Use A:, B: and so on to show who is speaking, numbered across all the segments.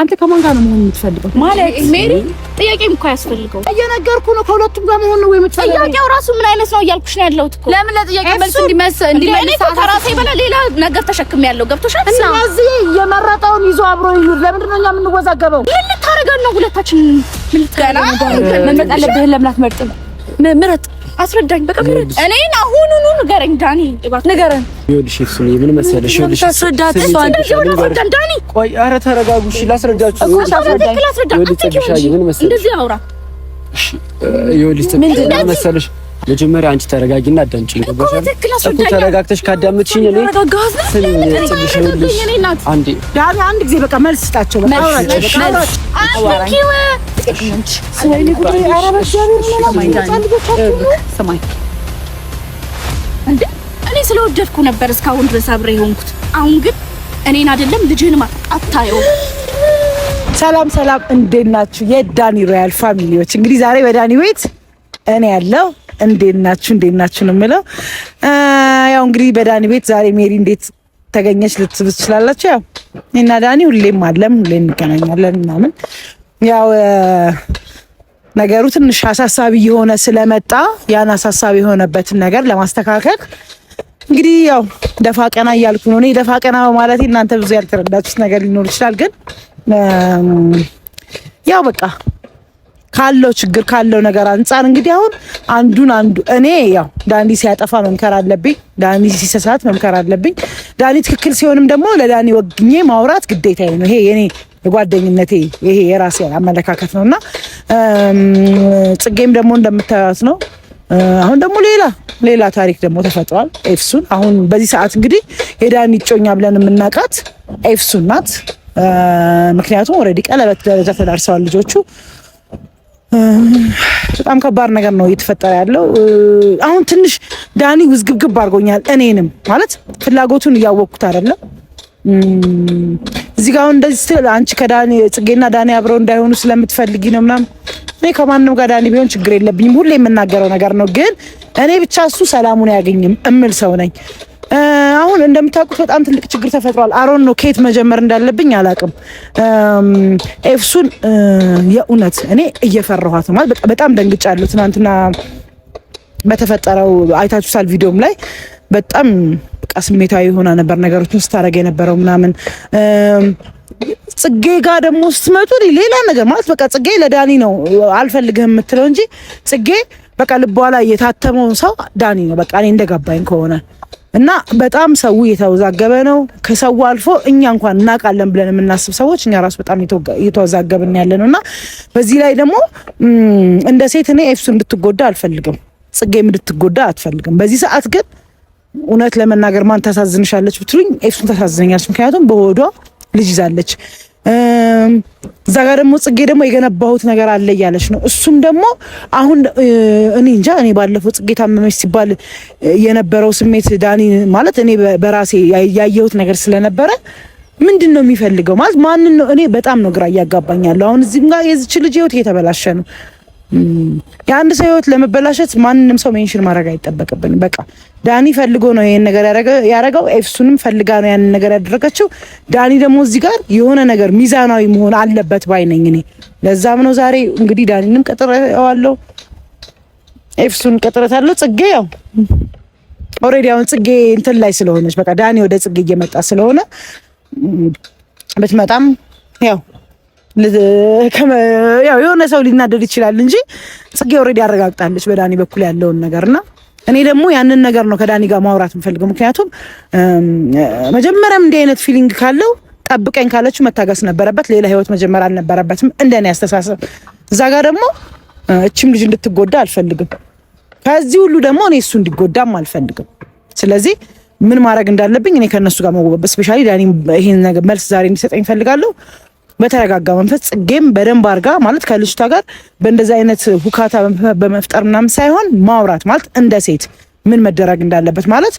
A: አንተ ከማን ጋር ነው መሆን የምትፈልገው?
B: ማለት ሜሪ ጥያቄም እኮ ያስፈልገው
A: እየነገርኩ ነው። ከሁለቱም ጋር መሆን ነው የምትፈልገው?
B: ጥያቄው ራሱ ምን አይነት ነው እያልኩሽ ነው ያለሁት እኮ። ለምን ለጥያቄ መልስ እንዲመስ
A: እንዲመልስ ከራሴ በላይ ሌላ ነገር ተሸክም ያለው ገብቶሻል። እና እዚህ የመረጠውን ይዞ አብሮ ይሁን። ለምንድን ነው እኛ የምንወዛገበው?
B: ምን ልታደርገን ነው? ሁለታችን ምን ልታደርገን
A: ነው? መምረጥ አለብህ። ለምን አትመርጥም?
B: ምረጥ አስረዳኝ። በቃ
A: እኔን አሁኑኑ ንገረኝ ዳኒ፣
B: ንገረን።
C: ይኸውልሽ ምን መሰለሽ፣
B: ይኸውልሽ አስረዳት። ዳኒ
C: ቆይ፣ ኧረ ተረጋጉ። እሺ ላስረዳችሁ። እንደዚህ አውራ። ይኸውልሽ ምን መሰለሽ መጀመሪያ አንቺ ተረጋጊና አዳምጪኝ። ገባሽ? እኮ ተረጋግተሽ ካዳምጥሽኝ እኔ
A: አንድ ጊዜ በቃ መልስ ስጣቸው።
B: እኔ ስለወደድኩ ነበር እስካሁን ድረስ አብሬ የሆንኩት። አሁን ግን እኔን አይደለም ልጅህን አታየውም።
A: ሰላም ሰላም፣ እንዴት ናችሁ የዳኒ ሮያል ፋሚሊዎች? እንግዲህ ዛሬ በዳኒ ቤት እኔ ያለው እንዴት ናችሁ? እንዴት ናችሁ ነው የምለው። ያው እንግዲህ በዳኒ ቤት ዛሬ ሜሪ እንዴት ተገኘች ልትብ ትችላላችሁ። ያው እና ዳኒ ሁሌም አለም ሁሌ እንገናኛለን ምናምን። ያው ነገሩ ትንሽ አሳሳቢ የሆነ ስለመጣ ያን አሳሳቢ የሆነበትን ነገር ለማስተካከል እንግዲህ ያው ደፋ ቀና እያልኩ ነው። እኔ ደፋ ቀና እናንተ ብዙ ያልተረዳችሁት ነገር ሊኖር ይችላል፣ ግን ያው በቃ ካለው ችግር ካለው ነገር አንጻር እንግዲህ አሁን አንዱን አንዱ እኔ ያው ዳኒ ሲያጠፋ መምከር አለብኝ። ዳኒ ሲሰሳት መምከር አለብኝ። ዳኒ ትክክል ሲሆንም ደግሞ ለዳኒ ወግኜ ማውራት ግዴታ ነው። ይሄ የኔ የጓደኝነቴ ይሄ የራሴ አመለካከት ነው እና ጽጌም ደግሞ እንደምታዩት ነው። አሁን ደግሞ ሌላ ሌላ ታሪክ ደግሞ ተፈጥሯል። ኤፍሱን አሁን በዚህ ሰዓት እንግዲህ የዳኒ እጮኛ ብለን የምናውቃት ኤፍሱን ናት። ምክንያቱም ኦልሬዲ ቀለበት ደረጃ ተዳርሰዋል ልጆቹ በጣም ከባድ ነገር ነው እየተፈጠረ ያለው። አሁን ትንሽ ዳኒ ውዝግብግብ አድርጎኛል። እኔንም ማለት ፍላጎቱን እያወቅኩት አይደለም። እዚህ ጋር አሁን እንደዚህ ስትል አንቺ ከዳኒ ጽጌና ዳኒ አብረው እንዳይሆኑ ስለምትፈልጊ ነው ምናምን። እኔ ከማንም ጋር ዳኒ ቢሆን ችግር የለብኝም። ሁሌ የምናገረው ነገር ነው። ግን እኔ ብቻ እሱ ሰላሙን አያገኝም እምል ሰው ነኝ። አሁን እንደምታውቁት በጣም ትልቅ ችግር ተፈጥሯል። አሮን ነው ከየት መጀመር እንዳለብኝ አላቅም። ኤፍሱን የእውነት እኔ እየፈራኋት ማለት በጣም ደንግጫለሁ። ትናንትና በተፈጠረው አይታችሁታል ቪዲዮም ላይ በጣም በቃ ስሜታዊ የሆነ ነበር ነገሮችን ስታደርግ የነበረው ምናምን ጽጌ ጋ ደግሞ ስትመጡ ሌላ ነገር ማለት በቃ ጽጌ ለዳኒ ነው አልፈልግህም የምትለው እንጂ ጽጌ በቃ ልቧ ላይ የታተመው ሰው ዳኒ ነው። በቃ እኔ እንደገባኝ ከሆነ እና በጣም ሰው እየተወዛገበ ነው። ከሰው አልፎ እኛ እንኳን እናውቃለን ብለን የምናስብ ሰዎች እኛ ራሱ በጣም እየተወዛገብን ያለ ነው እና በዚህ ላይ ደግሞ እንደ ሴት እኔ ኤፍሱ እንድትጎዳ አልፈልግም፣ ጽጌም እንድትጎዳ አትፈልግም። በዚህ ሰዓት ግን እውነት ለመናገር ማን ታሳዝንሻለች ብትሉኝ ኤፍሱን ታሳዝነኛለች። ምክንያቱም በሆዷ ልጅ ይዛለች። እዛ ጋር ደግሞ ጽጌ ደግሞ የገነባሁት ነገር አለ እያለች ነው። እሱም ደግሞ አሁን እኔ እንጃ እኔ ባለፈው ጽጌ ታመመች ሲባል የነበረው ስሜት ዳኒ ማለት እኔ በራሴ ያየሁት ነገር ስለነበረ ምንድን ነው የሚፈልገው ማለት ማንን ነው? እኔ በጣም ነው ግራ እያጋባኛለሁ። አሁን እዚህም ጋር የዚች ልጅ ህይወት እየተበላሸ ነው። የአንድ ሰው ህይወት ለመበላሸት ማንንም ሰው ሜንሽን ማድረግ አይጠበቅብን። በቃ ዳኒ ፈልጎ ነው ይሄን ነገር ያደረገው፣ ኤፍሱንም ፈልጋ ነው ያንን ነገር ያደረገችው። ዳኒ ደግሞ እዚህ ጋር የሆነ ነገር ሚዛናዊ መሆን አለበት ባይ ነኝ እኔ። ለዛም ነው ዛሬ እንግዲህ ዳኒንም ቀጥሬዋለሁ፣ ኤፍሱን ቀጥረታለሁ። ጽጌ ያው ኦልሬዲ አሁን ጽጌ እንትን ላይ ስለሆነች በቃ ዳኒ ወደ ጽጌ እየመጣ ስለሆነ ብትመጣም ያው የሆነ ሰው ሊናደድ ይችላል እንጂ ጽጌ ኦልሬዲ አረጋግጣለች በዳኒ በኩል ያለውን ነገርና እኔ ደግሞ ያንን ነገር ነው ከዳኒ ጋር ማውራት የምፈልገው። ምክንያቱም መጀመሪያም እንዲህ አይነት ፊሊንግ ካለው ጠብቀኝ ካለችው መታገስ ነበረበት። ሌላ ህይወት መጀመር አልነበረበትም፣ እንደኔ አስተሳሰብ። እዛ ጋር ደግሞ እችም ልጅ እንድትጎዳ አልፈልግም። ከዚህ ሁሉ ደግሞ እኔ እሱ እንዲጎዳም አልፈልግም። ስለዚህ ምን ማድረግ እንዳለብኝ እኔ ከእነሱ ጋር መወበ ስፔሻሊ ዳኒ ይህን መልስ ዛሬ እንዲሰጠኝ እፈልጋለሁ። በተረጋጋ መንፈስ ጽጌም በደንብ አርጋ ማለት ከልጅቷ ጋር በእንደዚህ አይነት ሁካታ በመፍጠር ምናምን ሳይሆን ማውራት ማለት እንደ ሴት ምን መደረግ እንዳለበት ማለት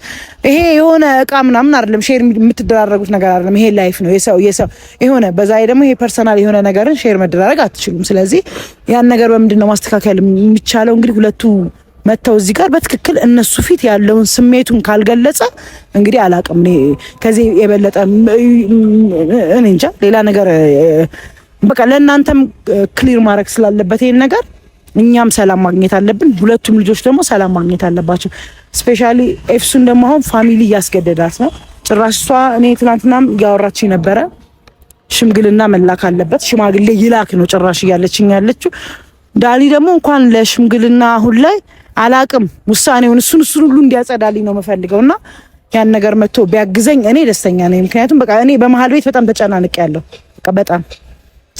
A: ይሄ የሆነ እቃ ምናምን አይደለም። ሼር የምትደራረጉት ነገር አይደለም። ይሄ ላይፍ ነው የሰው የሰው የሆነ በዛ ደግሞ ይሄ ፐርሰናል የሆነ ነገርን ሼር መደራረግ አትችሉም። ስለዚህ ያን ነገር በምንድን ነው ማስተካከል የሚቻለው? እንግዲህ ሁለቱ መጥተው እዚህ ጋር በትክክል እነሱ ፊት ያለውን ስሜቱን ካልገለጸ እንግዲህ አላቅም። ከዚህ የበለጠ እኔ እንጃ ሌላ ነገር በቃ ለእናንተም ክሊር ማድረግ ስላለበት ይህን ነገር እኛም ሰላም ማግኘት አለብን። ሁለቱም ልጆች ደግሞ ሰላም ማግኘት አለባቸው። ስፔሻሊ ኤፍሱን ደግሞ አሁን ፋሚሊ እያስገደዳት ነው። ጭራሽ እሷ እኔ ትናንትናም እያወራች ነበረ፣ ሽምግልና መላክ አለበት ሽማግሌ ይላክ ነው ጭራሽ እያለችኝ ያለችው። ዳኒ ደግሞ እንኳን ለሽምግልና አሁን ላይ አላቅም ውሳኔውን እሱን እሱን ሁሉ እንዲያጸዳልኝ ነው የምፈልገው እና ያን ነገር መጥቶ ቢያግዘኝ እኔ ደስተኛ ነኝ። ምክንያቱም በቃ እኔ በመሀል ቤት በጣም ተጨናንቅ ያለው በቃ በጣም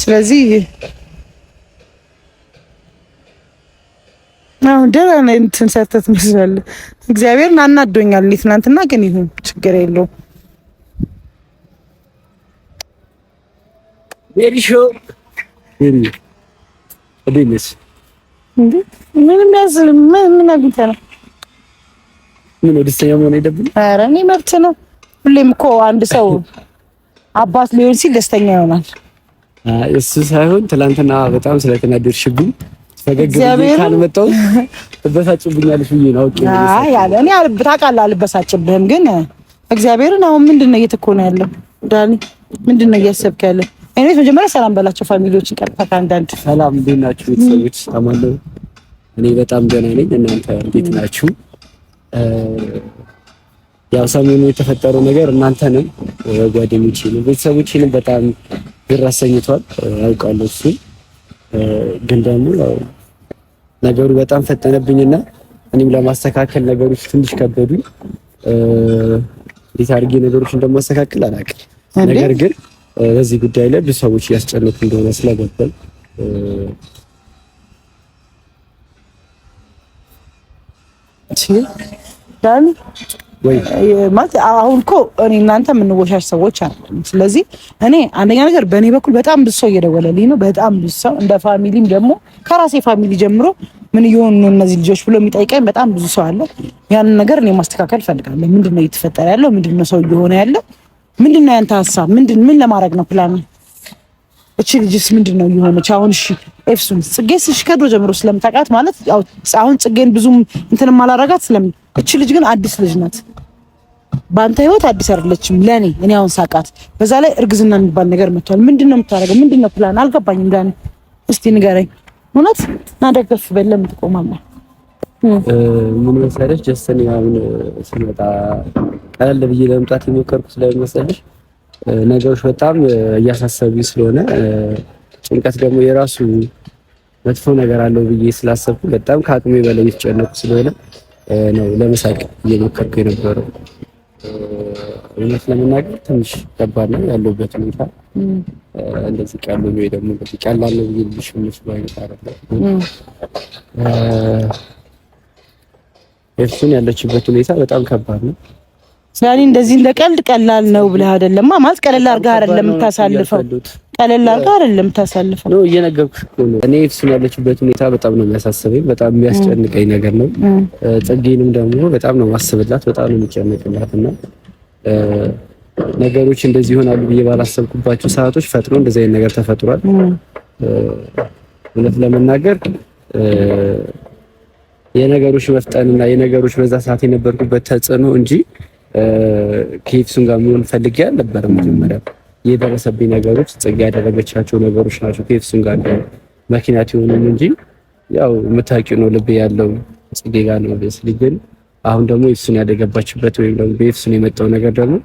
A: ስለዚህ አሁን ደህና እንትን ሰርተት መስላል እግዚአብሔርን አናዶኛል። ትናንትና ግን ይሁን ችግር የለውም። ቬሪ ሾ እንዴት ምንም ምን አግኝተህ ነው?
C: ምን ደስተኛ መሆን የለብንም።
A: ኧረ እኔ መብት ነው። ሁሌም እኮ አንድ ሰው አባት ሊሆን ሲል ደስተኛ ይሆናል።
C: እሱ ሳይሆን ትናንትና በጣም ስለተናደድሽብኝ ፈገግ ካልመጣሁ ትበሳጭብኛለሽ ብዬ ነው።
A: ያለ እኔ ታውቃለህ፣ አልበሳጭብህም። ግን እግዚአብሔርን አሁን ምንድን ነው ያለው ዳኒ? ምንድን ነው እያሰብክ ያለው? እኔ መጀመሪያ ሰላም በላቸው ፋሚሊዎችን ቀጥታ ከአንዳንድ
C: ሰላም፣ እንዴት ናችሁ ቤተሰቦች? እኔ በጣም ደህና ነኝ። እናንተ እንዴት ናችሁ? ያው ሰሞኑ የተፈጠረው ነገር እናንተንም ጓደኞቼንም ቤተሰቦቼንም በጣም ግር አሰኝቷል አውቃለሁ። እሱ ግን ደግሞ ያው ነገሩ በጣም ፈጠነብኝና እኔም ለማስተካከል ነገሮች ትንሽ ከበዱ። እንዴት አድርጌ ነገሮች እንደማስተካከል አላውቅም። ነገር ግን በዚህ ጉዳይ ላይ ብዙ ሰዎች እያስጨነቁ እንደሆነ ስለገባኝ
A: ማለት አሁን እኮ እኔ እናንተ የምንወሻሽ ሰዎች አለ። ስለዚህ እኔ አንደኛ ነገር በእኔ በኩል በጣም ብዙ ሰው እየደወለልኝ ነው። በጣም ብዙ ሰው እንደ ፋሚሊም ደግሞ ከራሴ ፋሚሊ ጀምሮ ምን እየሆኑ ነው እነዚህ ልጆች ብሎ የሚጠይቀኝ በጣም ብዙ ሰው አለ። ያንን ነገር እኔ ማስተካከል እፈልጋለሁ። ምንድን ነው እየተፈጠረ ያለው? ምንድን ነው ሰው እየሆነ ያለው? ምንድን ነው ያንተ ሀሳብ? ምንድን ምን ለማድረግ ነው ፕላን እቺ ልጅስ ምንድን ነው የሆነች? አሁን እሺ ኤፍሱን ጽጌስ እሺ ከድሮ ጀምሮ ስለምታውቃት ማለት ያው አሁን ጽጌን ብዙም እንትንም አላረጋት ስለም እቺ ልጅ ግን አዲስ ልጅ ናት። በአንተ ህይወት አዲስ አይደለችም ለእኔ እኔ አሁን ሳቃት፣ በዛ ላይ እርግዝና የሚባል ነገር መጥቷል። ምንድን ነው የምታደርገው? ምንድን ነው ፕላን? አልገባኝም። ዳን እስቲ ንገረኝ። እውነት ናደገፍ በል ለምን ትቆማለህ?
C: ምን መሰለሽ ጀስተን ያሁን ስመጣ ቀለል ብዬ ለመምጣት የሞከርኩ ስለመሰለሽ ነገሮች በጣም እያሳሰቡኝ ስለሆነ ጭንቀት ደግሞ የራሱ መጥፎ ነገር አለው ብዬ ስላሰብኩ በጣም ከአቅሜ በላይ የተጨነቁ ስለሆነ ነው ለመሳቅ እየሞከርኩ የነበረው። እውነት ለመናገር ትንሽ ከባድ ነው ያለሁበት ሁኔታ። እንደዚህ ቀሉ ወይ ደግሞ እንደዚህ ቀላል ነው ብዬ ልሽ ምሽ ባይነት አይደለም። ኤፍሱን ያለችበት ሁኔታ በጣም ከባድ ነው።
A: ስለኔ እንደዚህ እንደ ቀልድ ቀላል ነው ብለህ አይደለም ማለት ቀለል አድርጋ አይደለም የምታሳልፈው፣ ቀለል አድርጋ አይደለም የምታሳልፈው
C: ነው እየነገርኩሽ እኮ ነው። እኔ እሱን ያለችበት ሁኔታ በጣም ነው የሚያሳስበኝ፣ በጣም የሚያስጨንቀኝ ነገር ነው። ጽጌንም ደግሞ በጣም ነው ማስብላት፣ በጣም ነው የሚጨንቅላት እና ነገሮች እንደዚህ ይሆናሉ ብዬ ባላሰብኩባቸው ሰዓቶች ፈጥኖ እንደዚህ አይነት ነገር ተፈጥሯል። እውነት ለመናገር የነገሮች መፍጠንና የነገሮች በዛ ሰዓት የነበርኩበት ተጽዕኖ እንጂ ከኤፍሱን ጋር መሆን ፈልጌ አልነበረም። መጀመሪያ የደረሰብኝ ነገሮች ጽጌ ያደረገቻቸው ነገሮች ናቸው ከኤፍሱን ጋር መኪናት የሆኑም እንጂ ያው የምታውቂው ነው ልቤ ያለው ጽጌ ጋር ነው። ግን አሁን ደግሞ ኤፍሱን ያደገባችበት ወይም ደግሞ በኤፍሱን የመጣው ነገር ደግሞ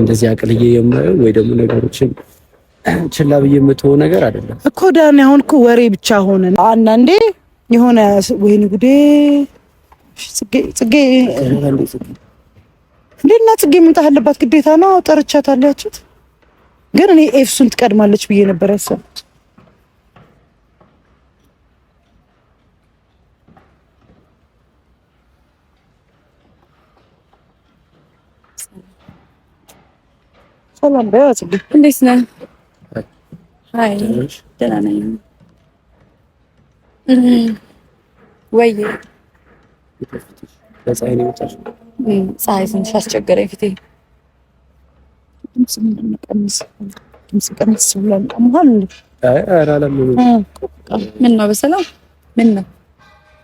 C: እንደዚህ አቅልዬ የማየው ወይ ደግሞ ነገሮችን ችላ ብዬ የምትሆ ነገር አይደለም
A: እኮ ዳኒ። አሁን እኮ ወሬ ብቻ ሆነ። አንዳንዴ የሆነ ወይኔ ጉዴ ጽጌ እንዴት ናት ጽጌ መምጣት አለባት ግዴታ ነው። ጠርቻታለሁ ያችሁት ግን እኔ ኤፍሱን ትቀድማለች ብዬ ነበር ያሰብኩት። ሰላም በያ ጽጌ
B: እንዴት ነህ? አይ ደህና ነኝ። ወይ
C: በፀሐይ ነው የመጣሽ?
B: ፀሐይ ትንሽ አስቸገረኝ ፊቴ።
A: ድምፅ ምንድን ነው? ቀንስ ድምፅ ቀንስ ብሏል። ቀሙሃል
C: ኧረ
B: አላመመኝም። ምን ነው በሰላም ምን ነው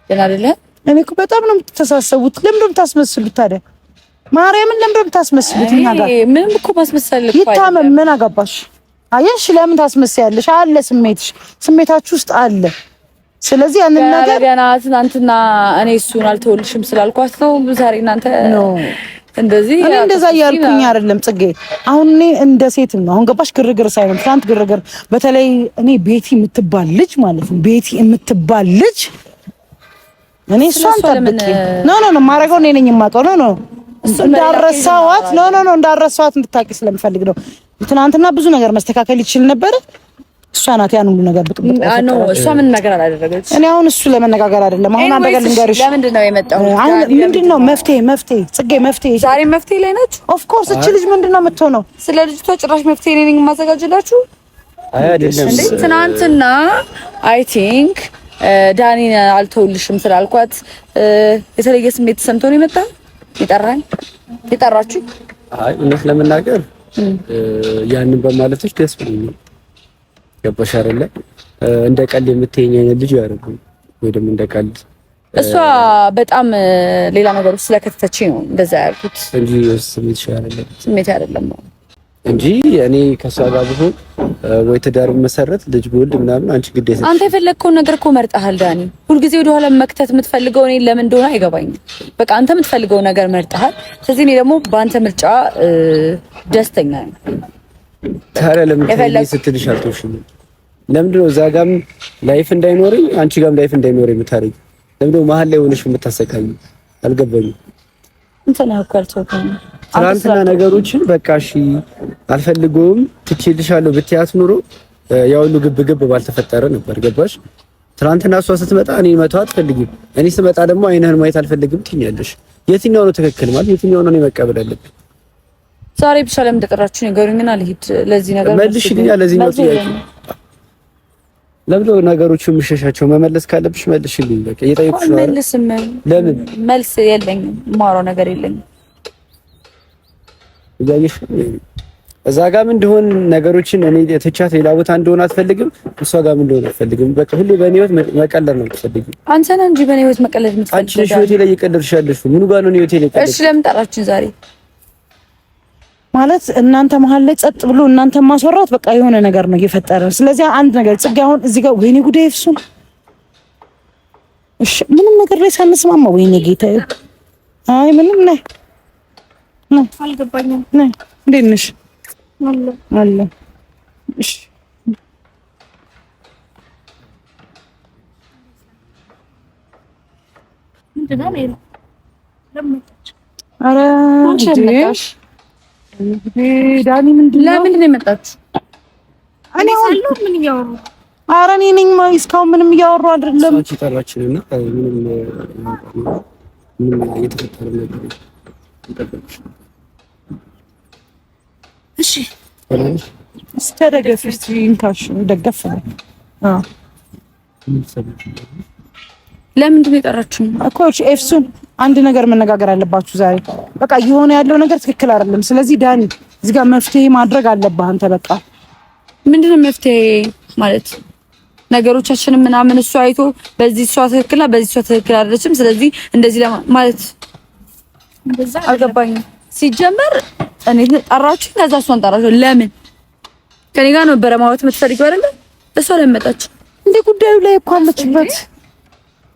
B: ደህና አይደለህ?
A: እኔ እኮ በጣም ነው የምትተሳሰቡት። ለምን ነው የምታስመስሉት ታዲያ? ማርያምን ለምን ነው የምታስመስሉት?
B: እኛ ጋር ምንም እኮ ማስመሰል እኮ
A: ይታመም ምን አገባሽ? አየሽ፣ ለምን ታስመስያለሽ? አለ ስሜትሽ፣ ስሜታችሁ ውስጥ አለ ስለዚህ ያንን
B: ነገር ገና ትናንትና እኔ እሱን አልተወልሽም ስላልኳት ነው ዛሬ እናንተ እንደዚህ
A: እኔ እንደዛ እያልኩኝ አይደለም ጽጌ። አሁን እኔ እንደ ሴት ነው አሁን ገባሽ፣ ግርግር ሳይሆን ትናንት ግርግር፣ በተለይ እኔ ቤቲ የምትባል ልጅ ማለት ነው ቤቲ የምትባል ልጅ እኔ እሷን ጠብቄ ኖ ኖ ኖ ማረገው እኔ ነኝ የማውቀው ኖ ኖ እንዳረሳዋት ኖ ኖ ኖ እንዳረሳዋት እንድታቂ ስለምፈልግ ነው። ትናንትና ብዙ ነገር መስተካከል ይችል ነበር። እሷ ናት ያን ሁሉ ነገር ብጥብጥ።
B: እሷ ምን ነገር አላደረገች።
A: እኔ አሁን እሱ ለመነጋገር አይደለም። አሁን አንድ ነገር ልንገርሽ።
B: ለምንድን ነው የመጣው?
A: አሁን ምንድን ነው መፍትሄ? መፍትሄ ጽጌ፣ መፍትሄ
B: ዛሬ መፍትሄ ላይ ናት።
A: ኦፍ ኮርስ እቺ ልጅ ምንድን ነው የምትሆነው?
B: ስለ ልጅቷ ጭራሽ መፍትሄ ነኝ የማዘጋጅላችሁ አይደለም። ትናንትና አይ ቲንክ ዳኒን አልተውልሽም ስላልኳት የተለየ ስሜት ተሰምቶ ነው የመጣው። የጠራኝ የጠራችሁ?
C: አይ እውነት ለመናገር ያንን በማለትሽ ደስ ብሎኛል። ገባሽ አይደለ? እንደ ቀልድ የምትይኝ አይነት ልጅ ያደረጉ ወይ ደግሞ እንደ ቀልድ
B: እሷ በጣም ሌላ ነገር ውስጥ ስለከተተች ነው እንደዛ ያልኩት
C: እንጂ ስሜት አይደለም፣ ስሜት አይደለም እንጂ እኔ ከእሷ ጋር ብሆን ወይ ትዳር መሰረት ልጅ ብወልድ ምናምን አንቺ ግዴታ
B: አንተ የፈለግከውን ነገር እኮ መርጠሃል ዳኒ። ሁልጊዜ ወደኋላ መክተት የምትፈልገው እኔ ለምን እንደሆነ አይገባኝም። በቃ አንተ የምትፈልገው ነገር መርጠሃል። ስለዚህ እኔ ደግሞ በአንተ ምርጫ ደስተኛ ነኝ።
C: ታዲያ ለምን ስትልሽ አልተውሽም? ነው እዛ ጋም ላይፍ እንዳይኖረኝ አንቺ ጋም ላይፍ እንዳይኖረኝ የምታረጊ? ነው መሀል ላይ ሆነሽ የምታሰቃኝ? አልገባኝም። ትናንትና ነገሮችን በቃ እሺ አልፈልገውም ትችልሻለሁ ብትያት ኑሮ ያው ሁሉ ግብ ግብ ባልተፈጠረ ነበር። ገባሽ? ትናንትና እሷ ስትመጣ እኔ መተው አትፈልጊም፣ እኔ ስመጣ ደግሞ አይንህን ማየት አልፈልግም ትኛለሽ። የትኛው ነው ትክክል ማለት የትኛው ነው እኔ መቀበል አለብኝ?
B: ዛሬ ብቻ ለምን እንደጠራችሁ ንገሩኝና ልሂድ። ለዚህ ነገር
C: መልሽልኛ። ለዚህ ነው ጥያቄ። ለምን ነገሮቹ የምሸሻቸው? መመለስ ካለብሽ መልሽልኝ። በቃ እየጠየኩሽ ነው። መልስም ለምን
B: መልስ የለኝም። የማወራው ነገር የለኝም።
C: እያየሽ እዛ ጋም እንደሆን ነገሮችን እኔ ትቻት ሌላ ቦታ እንደሆነ አትፈልግም፣ እሷ ጋም እንደሆነ አትፈልግም። በቃ ሁሌ በእኔ ህይወት መቀለድ ነው የምትፈልጊው።
B: አንተ ነህ እንጂ በእኔ ህይወት መቀለድ
C: የምትፈልጊው አንቺ ነሽ። ህይወቴ ላይ እየቀለድሽ ያለሽው ምኑ ጋር ነው ህይወቴ ላይ?
B: እሺ ለምን ጠራችን ዛሬ?
A: ማለት እናንተ መሀል ላይ ጸጥ ብሎ እናንተ ማስወራት በቃ የሆነ ነገር ነው እየፈጠረ። ስለዚህ አንድ ነገር ጽጌ አሁን እዚህ ጋር ወይኔ ጉዳይ እሱን እሺ፣ ምንም ነገር ላይ ሳንስማማ ወይኔ ጌታ፣ አይ ምንም ነይ ነይ፣ እንዴት ነሽ? አለ አለ። እሺ
B: ምንድን ዳኒ ምንድን ነው? ለምንድን ነው የመጣችሁ? እኔ ሳሉ ምን እያወሩ?
A: ኧረ እኔ ነኝ እስካሁን ምንም እያወሩ
C: አይደለም።
B: እሺ እስከ ደገፍ እንካሽ ደገፍ ለምንድን ነው
A: እኮ ኤፍሱን አንድ ነገር መነጋገር አለባችሁ ዛሬ በቃ እየሆነ ያለው ነገር ትክክል አይደለም። ስለዚህ ዳኒ እዚህ ጋር መፍትሄ ማድረግ አለብህ አንተ። በቃ
B: ምንድነው መፍትሄ ማለት ነገሮቻችንን ምናምን እሱ አይቶ በዚህ እሷ ትክክል በዚህ እሷ ትክክል አይደለችም፣ ስለዚህ እንደዚህ ማለት አልገባኝም። ሲጀመር እኔ ጠራችሁኝ፣ ከዛ እሷን ጠራችሁ። ለምን ከኔ ጋር ነበረ ማውራት የምትፈልጊው አይደለ? እሷ ለመጣች እንደ ጉዳዩ ላይ እኮ አለችበት።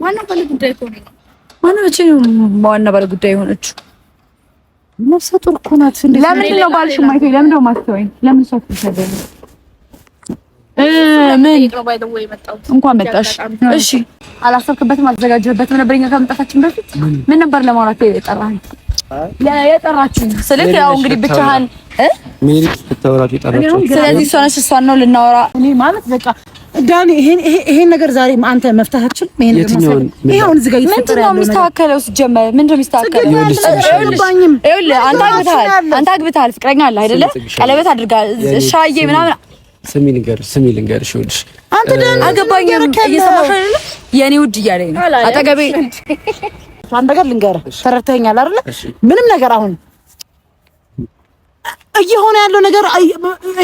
B: ዋና ባለ ጉዳይ እኮ ነው። መቼ ነው ዋና ባለ ጉዳይ የሆነችው? ነፍሰ ጡር እኮ ናት።
A: ለምንድን ነው ባልሽ የማይተው? ለምን ነው የማትተወኝ? ለምን ሰው ትሰደኝ?
B: እንኳን መጣሽ። እሺ አላሰብክበትም፣ አልዘጋጀህበትም ነበር። እኛ ከመምጣታችን በፊት ምን ነበር ለማውራት የጠራኸኝ? የጠራችሁኝ ስልክ ያው እንግዲህ ብቻህን እ
C: ስለዚህ
B: እሷ ነች። እሷን ነው ልናወራ
A: እኔ ማለት በቃ ዳኒ ይሄን ነገር ዛሬ አንተ መፍታት አትችልም።
C: ይሄን ነገር ማሰብ
A: ይሄውን እዚህ ጋር
B: ምንድን ነው የሚስተካከለው? ሲጀመር ምንድን ነው የሚስተካከለው? አንተ አግብተሃል፣ አንተ አግብተሃል፣ ፍቅረኛ አለ አይደለ? ቀለበት አድርጋል። ሻዬ ምናምን
C: ስሚ ልንገርሽ፣ ስሚ ልንገርሽ፣ ይኸውልሽ
B: አንተ ዳኒ አገባኝ እየሰማሽ አይደለ? የኔ ውድ እያለኝ ነው አጠገቤ።
A: አንድ ነገር ልንገርህ፣ ተረድተኸኛል አይደለ? ምንም ነገር አሁን እየሆነ ያለው ነገር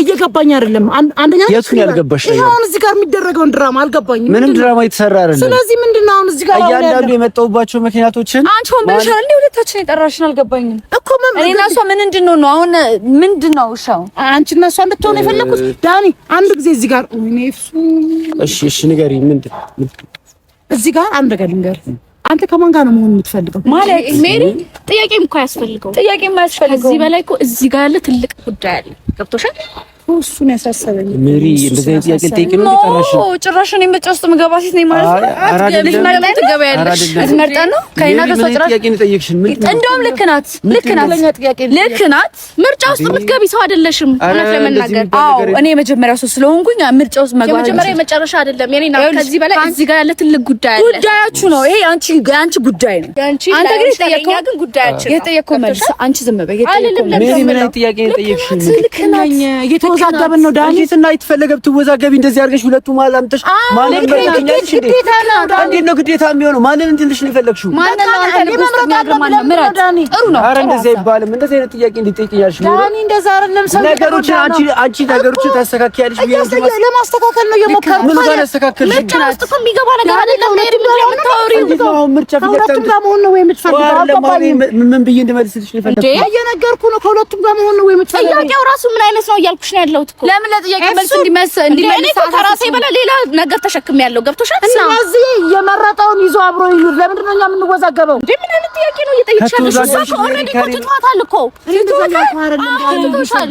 A: እየገባኝ አይደለም። አንደኛ የቱን ያልገባሽ ነው? አሁን እዚህ ጋር የሚደረገውን ድራማ አልገባኝም።
C: ምንም ድራማ የተሰራ አይደለም።
B: ስለዚህ ምንድን ነው አሁን እዚህ ጋር
C: እያንዳንዱ የመጣሁባቸው ምክንያቶችን
B: አንቺ ሆን ብለሽ አይደል? ሁለታችን የጠራሽን አልገባኝም እኮ ምን እኔ እና እሷ ምንድን ነው ነው አሁን ምንድን ነው ሻው አንቺ እና እሷ እንድትሆን የፈለኩት ዳኒ፣ አንድ ጊዜ እዚህ ጋር እኔ እሱ
C: እሺ፣ እሺ ንገሪ፣ ምንድን
A: እዚህ ጋር አንድ ነገር ልንገር አንተ ከማን ጋር ነው መሆን የምትፈልገው?
B: ማለት ሜሪ ጥያቄም እኮ አያስፈልገውም። ጥያቄም አያስፈልገውም። ከዚህ በላይ እኮ እዚህ ጋር ያለ ትልቅ ጉዳይ አለ። ገብቶሻል? እሱን ያሳሰበኝ
C: ሜሪ፣ እንደዚህ ጥያቄ ልጠይቅ ነው
B: ጭራሽ ጭራሽ እኔ ምርጫ ውስጥ ምገባ ሴት ነኝ ማለት ነው። እንደውም ልክ ናት፣ ልክ ናት፣ ልክ ናት። ምርጫ ውስጥ የምትገቢ ሰው አይደለሽም እውነት ለመናገር። አዎ እኔ የመጀመሪያው ሰው ስለሆንኩኝ ምርጫ ውስጥ መግባት የመጀመሪያ የመጨረሻ አይደለም። ከዚህ በላይ እዚህ ጋር ያለ ትልቅ ጉዳይ
A: አለ። ጉዳያችሁ ነው ይሄ፣ አንቺ የአንቺ ጉዳይ ነው።
B: አንተ ግን የጠየቀው ጉዳያችን የጠየቀው መልስ አንቺ ዝም በይ።
C: የጠየቀው ምን ጥያቄ ነው የጠየቅሽኝ?
B: ልክ ናት
A: እየተወዛገብን ነው ዳኒ እና የተፈለገ ብትወዛገቢ እንደዚህ አድርገሽ ሁለቱ መሀል አምጥተሽ ማንን በርቀኛለሽ? እንዴት ነው ግዴታ የሚሆነው? ማንን እንድልሽ ነው የፈለግሽው?
B: ኧረ
C: እንደዚህ አይባልም። እንደዚህ አይነት ጥያቄ ነገሮችን አንቺ አንቺ ነገሮችን ታስተካክያለሽ።
B: ለማስተካከል ነው የሞከርኩት። ምን ጋር ምርጫ ውስጥ እኮ የሚገባ ነገር አይደለም።
A: ምርጫ ከሁለቱም ጋር መሆን ነው
C: የምትፈልገው? ምን ብዬሽ እንድመልስልሽ ነው የፈለግሽው?
A: እየነገርኩህ ነው። ከሁለቱም ጋር መሆን ነው
B: የምትፈልገው? ጥያቄው ራሱ ምን አይነት ነው እያልኩሽ ነው ያለሁት እኮ ለምን ለጥያቄ መልስ እንዲመስ እንዲመልስ ከራሴ በላይ ሌላ ነገር ተሸክም ያለው ገብቶሻል።
A: ስለዚህ የመረጠውን ይዞ አብሮ ይሁን። ለምንድን ነው እኛ የምንወዛገበው
B: እንዴ? ምን አይነት ጥያቄ ነው እየጠየቅሻለሁ? እሷ ኦልሬዲ ትቷታል እኮ ትቷታል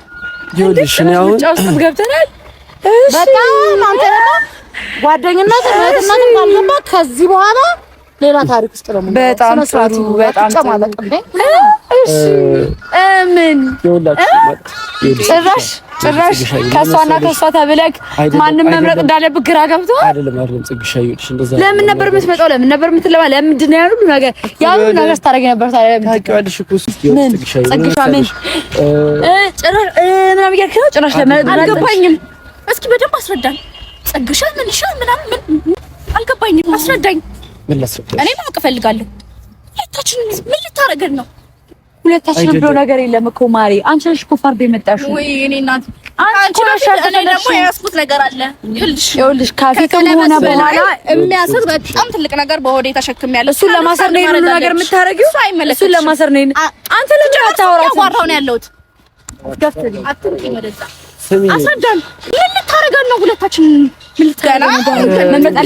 B: ይኸውልሽ እኔ አሁን ገብተናል። በጣም አንተ ጓደኝነት እህትነት ካልገባ ከዚህ በኋላ ሌላ ታሪክ ውስጥ ነው።
A: በጣም ጥሩ በጣም ጥሩ
B: እሺ። ጭራሽ ጭራሽ ከሷና ከሷ ተብለክ ማንም መምረጥ እንዳለብህ ግራ ገብቶሃል። አይደለም አይደለም፣ እንደዛ ለምን ነበር የምትመጣው? ለምን ነበር የምትለማ? ለምንድን ነው ያሉ ነገር ያሉ ነገር ስታደርጊ ነበር ጭራሽ ለምን አልገባኝም። እስኪ በደንብ አስረዳኝ። ጽግሻ ምንሻ ምናምን አልገባኝም። አስረዳኝ እኔ ማወቅ እፈልጋለሁ። ሁለታችን ምን ልታረገን ነው? ሁለታችንን ብሎ ነገር የለም እኮ ማሪ። አንቺ ነሽ እኮ የመጣሽው። ወይ እኔ እናት አንቺ ነሽ። እኔ ደግሞ የያዝኩት ነገር አለ። ይኸውልሽ ይኸውልሽ ካፌ ከመሆነ በኋላ የሚያስር በጣም ትልቅ ነገር በሆዴ እሱን ለማሰር ነው ይሄን ነገር የምታረጊው። እሱ እሱን ለማሰር ነው አንተ አታወራው። ነው ያለሁት። ወደዛ አስረዳን። ምን ልታረገን ነው? ሁለታችን ምን ልታረገን ነው? ለምን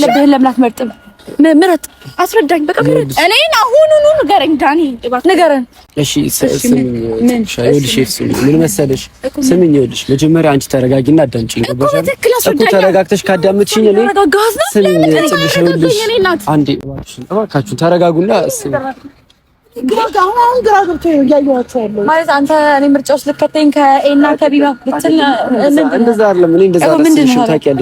B: አትመርጥም? ምረጥ፣ አስረዳኝ። በቃ ምረጥ። እኔን አሁኑኑ ንገረኝ ዳኒ፣ ንገረን።
C: እሺ ምን መሰለሽ፣ ስሚኝ፣ ይኸውልሽ መጀመሪያ አንቺ ተረጋጊና አዳምጪኝ። ተረጋግተሽ ካዳምጥሽኝ እኔ ስሚኝ፣ እባካችሁን ተረጋጉና
A: አሁን ግራ ገብቶ እያየኋቸው
B: ማለት አንተ እኔ ምርጫ ውስጥ ልከተኝ ከኤና ከቢባ እንደዛ
C: አይደለም። እኔ እንደዛ አይደለም።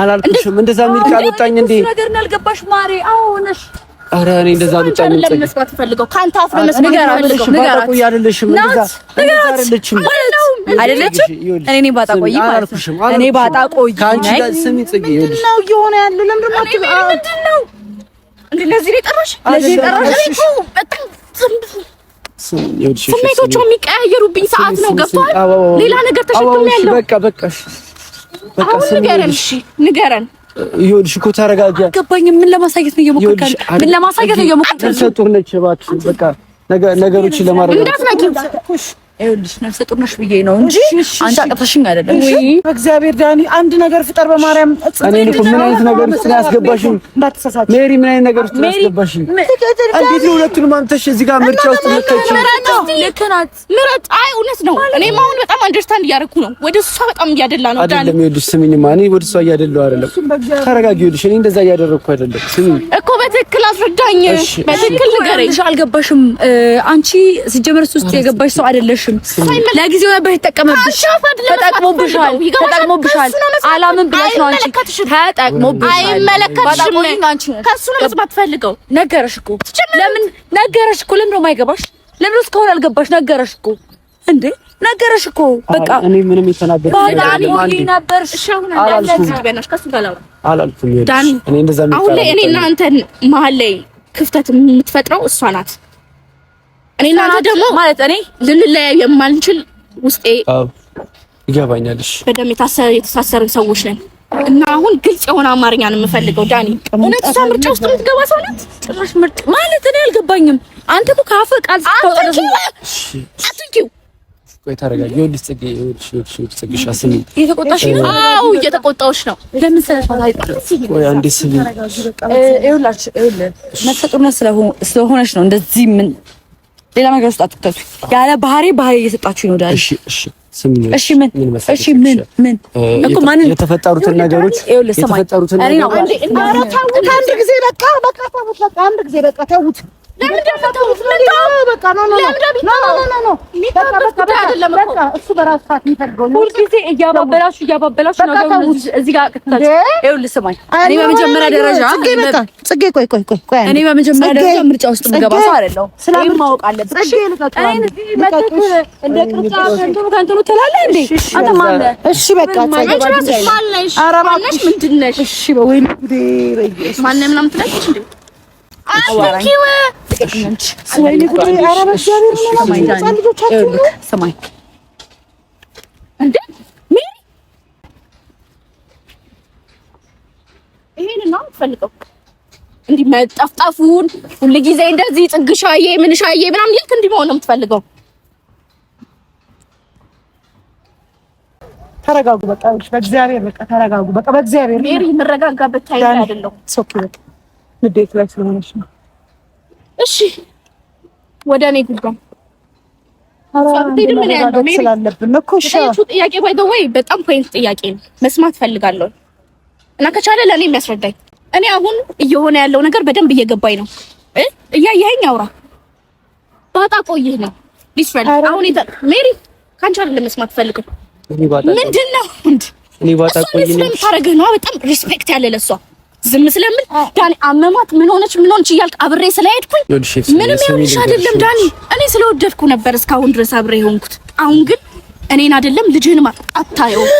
C: አላልኩሽም እንደዛ የሚል ቃል ወጣኝ እንዴ? ነገር አልገባሽ
B: ማሬ። አዎ ነሽ።
C: ኧረ እኔ እንደዛ ወጣኝ። ለምንስባት
B: ፈልገው ካንተ አፍ ነው መስማት ፈልገው። ንገራት ያለልሽም እንደዛ አይደለችም፣ አይደለችም። እኔ እኔ ባጣ ቆይ አላልኩሽም። እኔ ባጣ ቆይ
C: ካንቺ ጋር ስሚ ጽጌ፣ ይኸውልሽ
B: ነው እየሆነ ያለው። ለምንድን ነው ምንድን ነው እንዴ? ለዚህ ነው የጠራሽ፣ ለዚህ ነው የጠራሽ እኮ በጣም
C: ስሜቶቹ
B: የሚቀያየሩብኝ ሰዓት ነው። ገብቷል። ሌላ ነገር ተሸክም ያለው በቃ በቃ አሁን ንገረን፣ እሺ ንገረን።
C: ይኸውልሽ እኮ ተረጋጋ።
B: አልገባኝም። ምን ለማሳየት ነው እየሞከርከኝ? ምን ለማሳየት ነው እየሞከርከኝ? ነገሮችን ለማረጋጋት ይኸውልሽ ነፍሰ ጡር ነሽ ብዬ ነው እንጂ አንቺ አቅተሽኝ አይደለም።
A: ዳኒ አንድ ነገር ፍጠር በማርያም
C: እኔ እኮ ምን አይነት ነገር ውስጥ ነው ያስገባሽኝ? ሜሪ፣ ምን አይነት ነገር ውስጥ ነው ያስገባሽኝ? እንዴት ነው ሁለቱንም አምጥተሽ እዚህ ጋር ምርጫ ውስጥ መጥተሽ? ልክ ናት፣
B: ምረጥ። አይ እውነት ነው። እኔም አሁን በጣም አንደርስታንድ እያደረኩ ነው። ወደ እሷ በጣም እያደላ ነው ዳኒ። አይደለም ይኸውልሽ፣ ስሚኝማ፣ እኔ
C: ወደ እሷ እያደላሁ አይደለም። ተረጋጊ። ይኸውልሽ፣ እኔ እንደዛ አይደለም። ስሚኝ
B: እኮ በትክክል አስረዳኝ፣ በትክክል ንገረኝ። አልገባሽም። አንቺ ሲጀመር ውስጥ የገባሽ ሰው አይደለሽ አልሰማሽም? ለጊዜው ነበር የተጠቀመብሽ። ተጠቅሞብሻል፣ ተጠቅሞብሻል። አላምን ብለሽ ነው አንቺ። ተጠቅሞብሻል። ከሱ ነው መስማት ፈልገው። ነገረሽ እኮ ለምን ነገረሽ እኮ ለምን ነው የማይገባሽ? ለምን ነው እስካሁን አልገባሽ? ነገረሽ እኮ እንዴ ነገረሽ እኮ በቃ እኔ
C: ምንም የተናገርኩት አሁን ላይ
B: እኔ እና አንተን መሀል ላይ ክፍተት የምትፈጥረው እሷ ናት። እኔ እናንተ ደግሞ ማለት እኔ ልንለያዩ የማንችል ውስጤ
C: ይገባኛል። እሺ በደም
B: የተሳሰርን ሰዎች ነን እና አሁን ግልጽ የሆነ አማርኛ ነው የምፈልገው። ዳኒ እውነት እሷ ምርጫ ውስጥ የምትገባ ሰው ናት? ጭራሽ ምርጫ ማለት እኔ አልገባኝም። አንተ እኮ ካፈ ቃል
C: ቆይ ታረጋጊ። ይኸውልሽ ፅጌ፣ ይኸውልሽ ይኸውልሽ ይኸውልሽ ፅጌሽ አስሚ። እየተቆጣሽ
B: ነው? አዎ እየተቆጣሁሽ ነው። ለምን ስለፋታ ቆይ አንዴ ስሚ። ይኸውላችሁ፣ ይኸውልህ መፈጡነት ስለሆነች ነው እንደዚህ ምን ሌላ ነገር ውስጥ አትክተቱ። ያለ ባህሪ ባህሪ እየሰጣችሁ ነው ዳሪ። እሺ እሺ እሺ ምን እሺ ምን ምን እኮ ማን
C: የተፈጠሩትን ነገሮች የተፈጠሩትን
B: ነገሮች
A: አንድ ጊዜ በቃ በቃ ተውት፣ በቃ አንድ ጊዜ በቃ ተውት።
B: ሁልጊዜ እያባበላችሁ እያባበላችሁ እዚህ ጋር ይኸውልህ፣ ስማኝ። እኔ በመጀመሪያ ደረጃ ጽጌ፣ ቆይ ቆይ ቆይ፣ እኔ በመጀመሪያ ደረጃ ምርጫ ውስጥ የምገባ ሰው አይደለሁም። ይሄን ማወቅ አለብህ። እንደ ቅርጫ ከእንትኑ ከእንትኑ ትላለህ እንደ አንተ ማነህ? እሺ፣ በቃ ምንድን ነሽ? እሺ፣ በወይኔ ጉዴ፣ ማነህ ምናምን ትላለች እንደ ይሄን እንዲህ መጠፍጠፉን ሁል ጊዜ እንደዚህ ጥግሻዬ ምንሻዬ ምናምን ልክ እንዲህ መሆን ነው የምትፈልገው?
A: ተረጋጉ። በቃ በእግዚአብሔር በቃ ተረጋጉ። በቃ በእግዚአብሔር ሜሪ፣ የምረጋጋበት ታይም አይደለም። ሶኪ በቃ ንዴት ላይ ስለሆነች ነው
B: እሺ ወደ እኔ ጉዳይ ጥያቄ ባይ ወይ በጣም ፖይንት ጥያቄ ነው፣ መስማት ፈልጋለሁ እና ከቻለ ለእኔ የሚያስረዳኝ እኔ አሁን እየሆነ ያለው ነገር በደንብ እየገባኝ ነው። እያየኸኝ አውራ ባጣ ቆይህ ነው ሜሪ አይደለም መስማት ምንድን ነው በጣም ሪስፔክት ያለ ለሷ ዝም ስለምን ዳኒ አመማት ምን ሆነች ምን ሆነች እያልክ አብሬ ስለሄድኩኝ ምንም ይሁንሽ አይደለም ዳኒ እኔ ስለወደድኩ ነበር እስካሁን ድረስ አብሬ የሆንኩት አሁን ግን እኔን አይደለም ልጅህን አታየውም